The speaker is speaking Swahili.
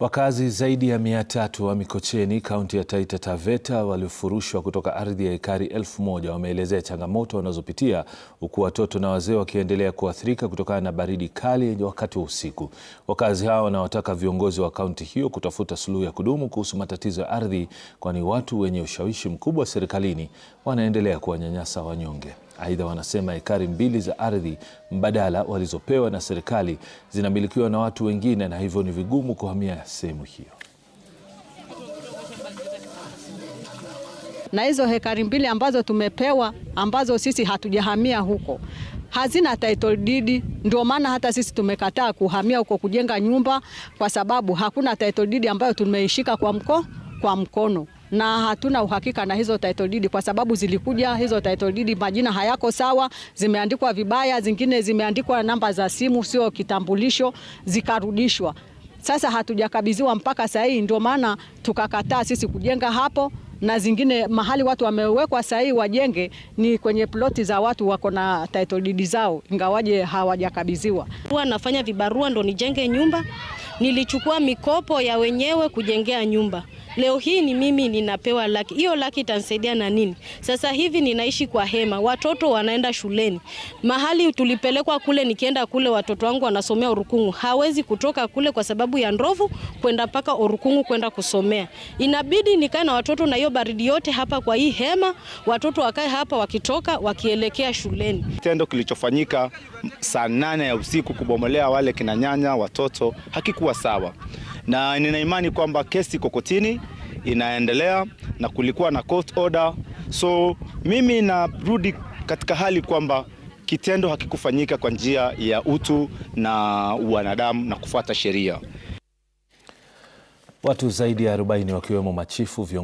Wakazi zaidi ya mia tatu wa Mikocheni, kaunti ya Taita Taveta, waliofurushwa kutoka ardhi ya ekari elfu moja wameelezea changamoto wanazopitia huku watoto na wazee wakiendelea kuathirika kutokana na baridi kali wakati wa usiku. Wakazi hao wanawataka viongozi wa kaunti hiyo kutafuta suluhu ya kudumu kuhusu matatizo ya ardhi, kwani watu wenye ushawishi mkubwa serikalini wanaendelea kuwanyanyasa wanyonge. Aidha, wanasema hekari mbili za ardhi mbadala walizopewa na serikali zinamilikiwa na watu wengine na hivyo ni vigumu kuhamia sehemu hiyo. Na hizo hekari mbili ambazo tumepewa ambazo sisi hatujahamia huko hazina title deed, ndio maana hata sisi tumekataa kuhamia huko kujenga nyumba, kwa sababu hakuna title deed ambayo tumeishika kwa mko, kwa mkono na hatuna uhakika na hizo title deed kwa sababu zilikuja hizo title deed, majina hayako sawa, zimeandikwa vibaya, zingine zimeandikwa namba za simu sio kitambulisho, zikarudishwa. Sasa hatujakabidhiwa mpaka sasa hii, ndio maana tukakataa sisi kujenga hapo na zingine mahali watu wamewekwa sahihi wajenge ni kwenye ploti za watu wako na title deed zao, ingawaje hawajakabidhiwa. Huwa nafanya vibarua ndo nijenge nyumba. Nilichukua mikopo ya wenyewe kujengea nyumba. Leo hii ni mimi ninapewa laki, hiyo laki itanisaidia na nini? Sasa hivi ninaishi kwa hema, watoto wanaenda shuleni. Mahali tulipelekwa kule, nikienda kule watoto wangu wanasomea Orukungu, hawezi kutoka kule kwa sababu ya ndovu kwenda mpaka Orukungu kwenda kusomea. Inabidi nikae na watoto na hiyo baridi yote hapa kwa hii hema, watoto wakae hapa wakitoka wakielekea shuleni. Kitendo kilichofanyika saa nane ya usiku kubomolea wale kinanyanya watoto hakikuwa sawa na nina imani kwamba kesi iko kotini inaendelea na kulikuwa na court order, so mimi narudi katika hali kwamba kitendo hakikufanyika kwa njia ya utu na wanadamu na kufuata sheria. Watu zaidi ya 40 wakiwemo machifu viongozi